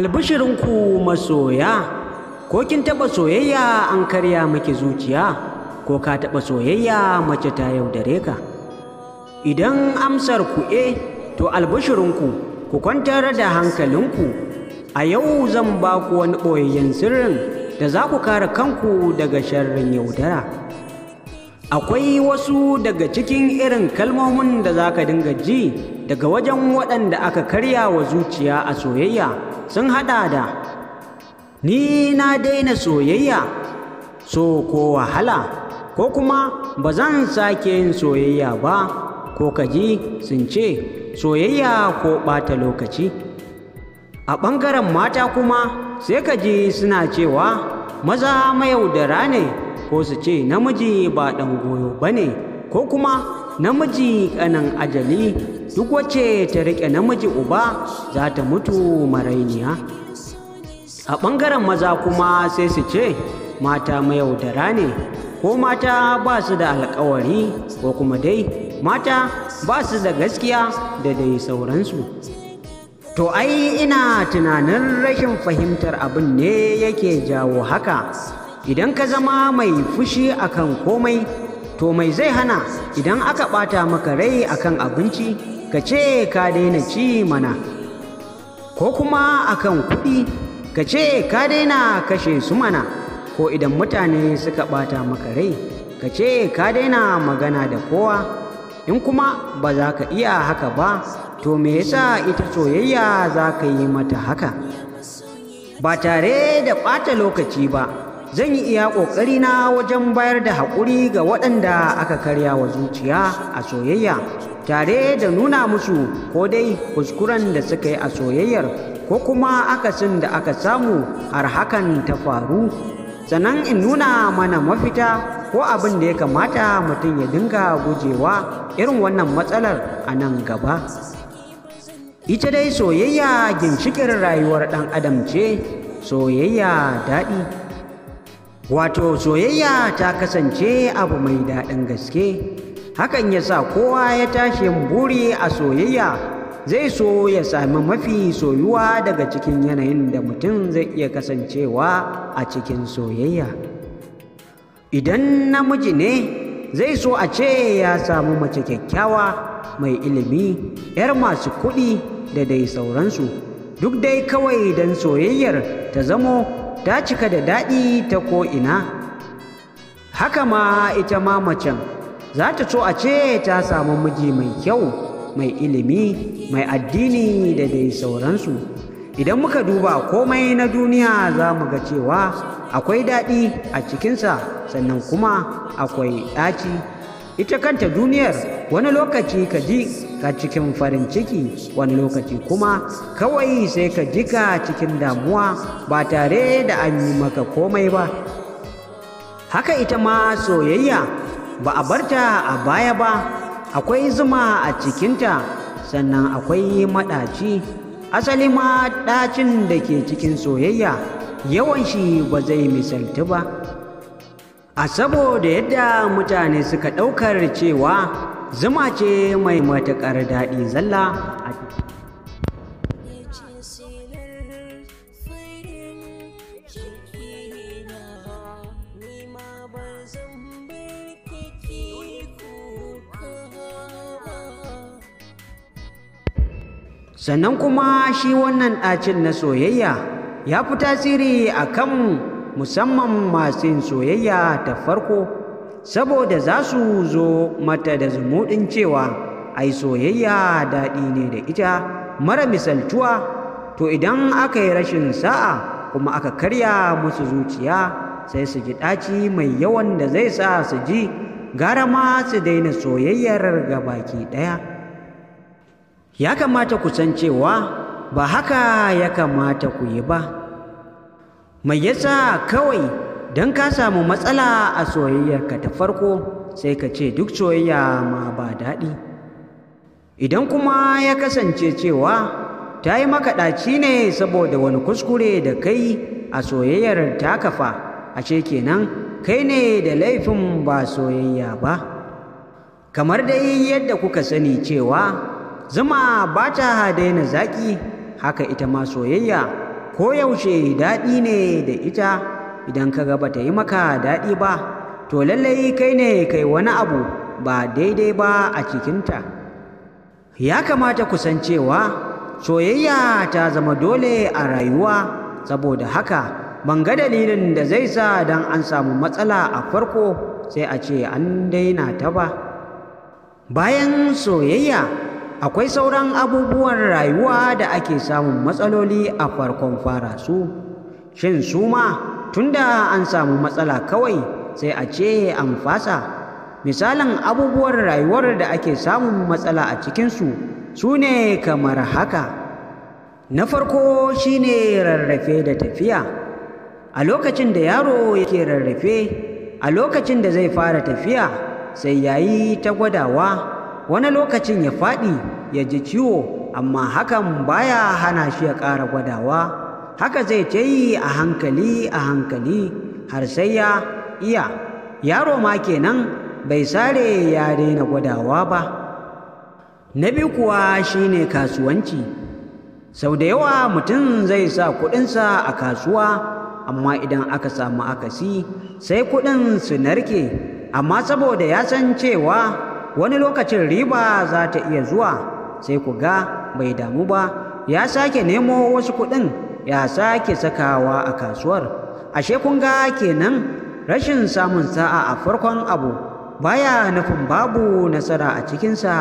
albishirinku masoya ko kin taɓa soyayya an karya maki zuciya ko ka taɓa soyayya mace ta yaudare ka idan amsar ku e to albishirinku ku kwantar da hankalinku a yau zan ba ku wani ɓoyayyen sirrin da za ku kare kanku daga sharrin yaudara akwai wasu daga cikin irin kalmomin da za ka dinga ji daga wajen waɗanda aka karya wa zuciya a soyayya sun haɗa da ni na daina soyayya so ko wahala ko kuma ba zan sake yin soyayya ba ko kaji sun ce soyayya ko ɓata lokaci a ɓangaren mata kuma sai kaji suna cewa maza mayaudara ne ko su ce namiji ba ɗan goyo ba ne ko kuma namiji kanan ajali duk wacce ta riƙe namiji uba za ta mutu marainiya a ɓangaren maza kuma sai su ce mata mayaudara ne ko mata ba su da alkawari ko kuma dai mata ba su da gaskiya da dai sauransu to ai ina tunanin rashin fahimtar abin ne yake jawo haka idan ka zama mai fushi akan komai to mai zai hana idan aka ɓata maka rai akan abinci ka ce ka daina ci mana ko kuma akan kuɗi ka ce ka daina kashe su mana ko idan mutane suka ɓata maka rai ka ce ka daina magana da kowa in kuma ba za ka iya haka ba to me yasa ita soyayya za ka yi mata haka ba tare da ɓata lokaci ba zan yi iya ƙoƙari na wajen bayar da haƙuri ga waɗanda aka karya wa zuciya a soyayya tare da nuna musu ko dai kuskuren da suka yi a soyayyar ko kuma akasin da aka samu har hakan ta faru sannan in nuna mana mafita ko abin da ya kamata mutum ya dinga gujewa irin wannan matsalar a nan gaba ita dai soyayya ginshikin rayuwar ɗan adam ce soyayya daɗi wato soyayya ta kasance abu mai daɗin gaske hakan ya sa kowa ya tashi buri a soyayya zai so ya sami mafi soyuwa daga cikin yanayin da mutum zai iya kasancewa a cikin soyayya idan namiji ne zai so a ce ya samu mace kyakkyawa mai ilimi 'yar masu kuɗi da dai sauransu duk dai kawai don soyayyar ta zamo ta cika da daɗi ta ko'ina haka ma ita ma macen za ta so a ce ta samu miji mai kyau mai ilimi mai addini da dai sauransu idan muka duba komai na duniya za mu ga cewa akwai daɗi a cikinsa sannan kuma akwai ɗaci ita kanta duniyar wani lokaci ka ji ka cikin farin ciki wani lokaci kuma kawai sai ka jika cikin damuwa ba tare da an yi maka komai ba haka ita ma soyayya ba a barta a baya ba akwai zuma a cikinta sannan akwai maɗaci asali ma ɗacin da ke cikin soyayya yawan shi ba zai misaltu ba a saboda yadda mutane suka ɗaukar cewa zuma ce mai matuƙar daɗi zalla a sannan kuma shi wannan ɗacin na soyayya ya fi tasiri a kan musamman masu soyayya ta farko saboda za su zo mata da zumuɗin cewa ai soyayya daɗi ne da ita mara misaltuwa to idan aka yi rashin sa'a kuma aka karya musu zuciya sai su ji ɗaci mai yawan da zai sa su ji gara ma su daina soyayyar ga baki ɗaya ya kamata ku san cewa ba haka ya kamata ku yi ba mai yasa kawai don ka samu matsala a soyayyarka ta farko sai ka ce duk soyayya ma ba daɗi idan kuma ya kasance cewa ta yi maka ɗaci ne saboda wani kuskure da kai a soyayyar ta kafa ashe kenan kai ne da laifin ba soyayya ba kamar dai yadda kuka sani cewa zama ba ta daina zaƙi haka ita ma soyayya koyaushe daɗi ne da ita idan ka ga bata yi maka daɗi ba to lallai kai ne kai wani abu ba daidai ba a cikinta ya kamata kusancewa soyayya ta zama dole a rayuwa saboda haka ban ga dalilin da zai sa don an samu matsala a farko sai a ce an daina ta ba bayan soyayya akwai sauran abubuwan rayuwa da ake samun matsaloli a farkon fara su shin su ma tunda an samu matsala kawai sai a ce an fasa misalin abubuwan rayuwar da ake samun matsala a cikinsu su ne kamar haka na farko shine rarrafe da tafiya a lokacin da yaro yake rarrafe a lokacin da zai fara tafiya sai yayi ta gwadawa wani lokacin ya faɗi ya ji ciwo amma hakan baya hana shi ya ƙara gwadawa haka zai ta yi a hankali a hankali har sai ya iya yaro ma kenan bai sare ya daina gwadawa ba na biyu kuwa shine kasuwanci sau da yawa mutum zai sa kuɗinsa a kasuwa amma idan aka samu akasi sai kuɗin su narke amma saboda ya san cewa wani lokacin riba za ta iya zuwa sai ku ga bai damu ba ya sake nemo wasu kuɗin ya sake sakawa a kasuwar ashe kun ga kenan rashin samun sa'a a farkon abu baya nufin babu nasara a cikinsa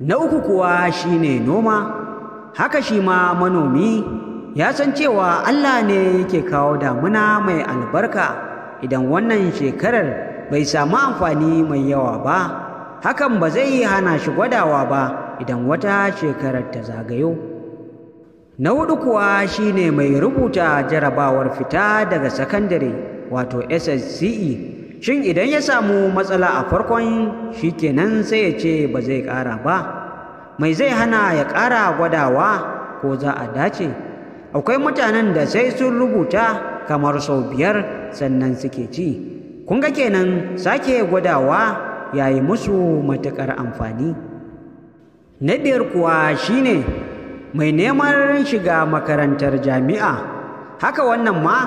na uku kuwa shine noma haka shi ma manomi ya san cewa Allah ne yake kawo damuna mai albarka idan wannan shekarar bai samu amfani mai yawa ba hakan ba zai hana shi gwadawa ba idan wata shekarar ta zagayo. na hudu kuwa shine mai rubuta jarabawar fita daga sakandare wato SSCE shin idan ya samu matsala a farkon shi kenan sai ya ce ba zai ƙara ba mai zai hana ya ƙara gwadawa ko za a dace akwai mutanen da sai sun rubuta kamar sau biyar sannan suke ci kun ga kenan sake gwadawa ya yi musu matuƙar amfani na biyar kuwa ne. mai neman shiga makarantar jami'a haka wannan ma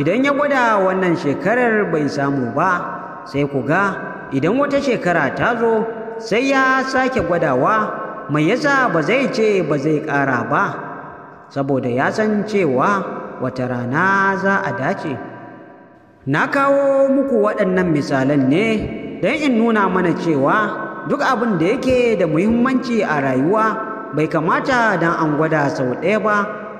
idan ya gwada wannan shekarar bai samu ba sai ku ga idan wata shekara ta zo sai ya sake gwadawa mai yasa ba zai ce ba zai ƙara ba saboda ya san cewa wata rana za a dace na kawo muku waɗannan misalan ne don in nuna mana cewa duk abin da yake da muhimmanci a rayuwa bai kamata don an gwada sau ɗaya ba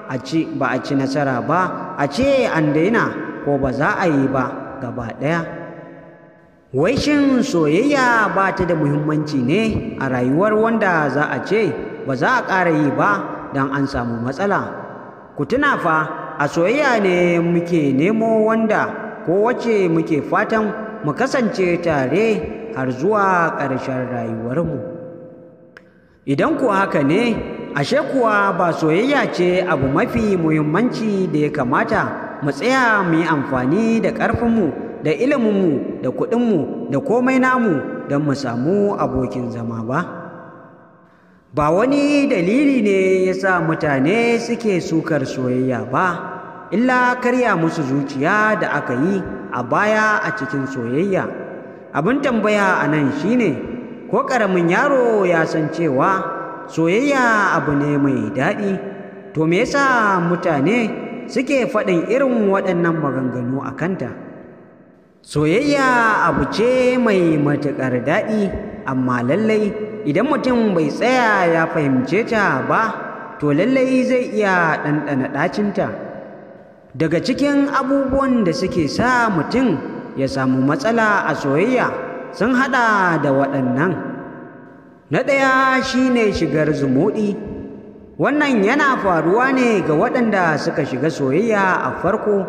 a ci ba a ci nasara ba a ce an daina ko ba za a yi ba gaba ɗaya wai shin soyayya ba ta da muhimmanci ne a rayuwar wanda za a ce ba za a ƙara yi ba don an samu matsala ku tuna fa a soyayya ne muke nemo wanda ko wacce muke fatan mu kasance tare har zuwa ƙarshen rayuwarmu. Idan kuwa haka ne, ashe kuwa ba soyayya ce abu mafi muhimmanci da ya kamata mu tsaya mu yi amfani da ƙarfinmu da iliminmu da kuɗinmu da komai namu don mu samu abokin zama ba. Ba wani dalili ne ya sa mutane suke sukar soyayya ba. illa karya musu zuciya da aka yi a baya a cikin soyayya abin tambaya a nan shine ko ƙaramin yaro ya san cewa soyayya abu ne mai daɗi to me yasa mutane suke faɗin irin waɗannan maganganu a kanta soyayya abu ce mai matuƙar daɗi amma lallai idan mutum bai tsaya ya fahimce ta ba to lallai zai iya ɗanɗana ɗacinta daga cikin abubuwan da suke sa mutum ya samu matsala a soyayya sun haɗa da waɗannan na ɗaya shi ne shigar zumuɗi wannan yana faruwa ne ga waɗanda suka shiga soyayya a farko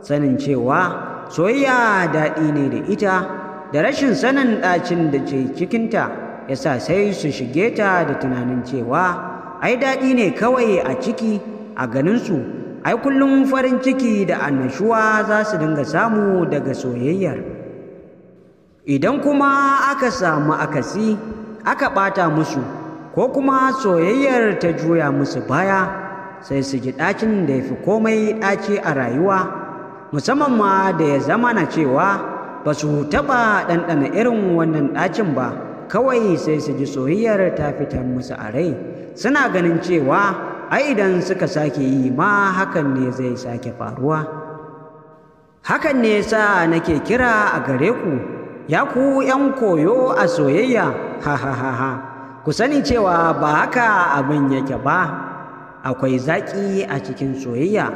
sanin cewa soyayya daɗi ne da ita da rashin sanin ɗacin da ke cikinta ya sa sai su shige ta da tunanin cewa ai daɗi ne kawai a ciki a ganinsu ai kullum farin ciki da annashuwa za su dinga samu daga soyayyar idan kuma aka samu akasi aka ɓata musu ko kuma soyayyar ta juya musu baya sai su ji ɗacin da ya fi komai ɗaci a rayuwa musamman ma da ya zama na cewa ba su taɓa ɗanɗana irin wannan ɗacin ba kawai sai su ji soyayyar ta fitar musu a rai suna ganin cewa ai idan suka sake yi ma hakan ne zai sake faruwa hakan ne sa nake kira a gare ku ya ku ‘yan koyo a soyayya, ha ha ha ha, ku sani cewa ba haka abin yake ba, akwai zaƙi a cikin soyayya,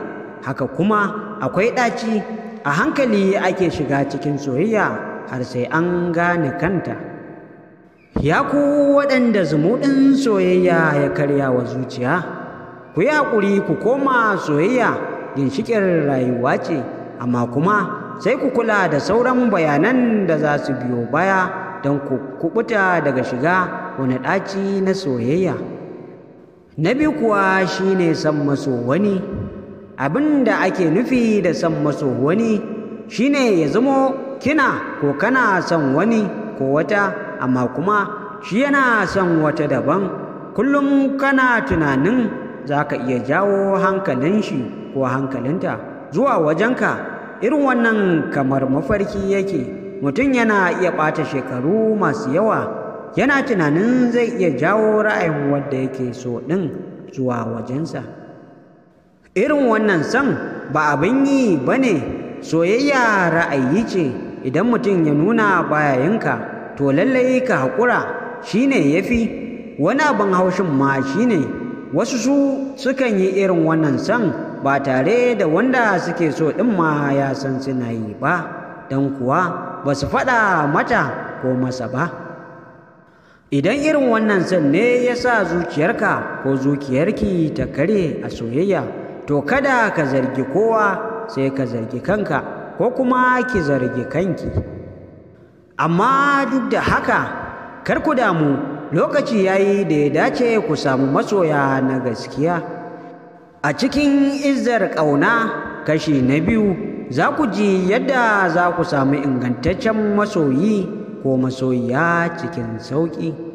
haka kuma akwai ɗaci, a hankali ake shiga cikin soyayya har sai an gane kanta. Ya ku waɗanda zumuɗin soyayya ya karya wa zuciya, ku yi haƙuri ku koma soyayya ginshiƙin rayuwa ce, amma kuma sai ku kula da sauran bayanan da za su biyo baya don ku kubuta daga shiga wani ɗaci na soyayya na biyu kuwa shine san maso wani abin da ake nufi da san maso wani shine ya zamo kina ko kana son wani ko wata amma kuma shi yana son wata daban kullum kana tunanin za ka iya jawo hankalin shi ko hankalinta zuwa wajenka irin wannan kamar mafarki yake mutum yana iya ɓata shekaru masu yawa yana tunanin zai iya jawo ra'ayin wanda yake so ɗin zuwa wajensa irin wannan son ba abin yi ba ne soyayya ra'ayi ce idan mutum ya nuna bayayinka to lallai ka haƙura shi ne ya fi wani abin haushin ma shi ne wasu su sukan yi irin wannan son ba tare da wanda suke so ɗin ma ya san suna yi ba don kuwa ba su faɗa mata ko masa ba idan irin wannan son ne ya sa zuciyarka ko zuciyarki ta kare a soyayya to kada ka zargi kowa sai ka zargi kanka ko kuma ki zargi kanki amma duk da haka kar ku damu lokaci yayi da ya dace ku samu masoya na gaskiya A cikin izzar ƙauna kashi na biyu za ku ji yadda za ku samu ingantaccen masoyi ko masoyiya cikin sauƙi.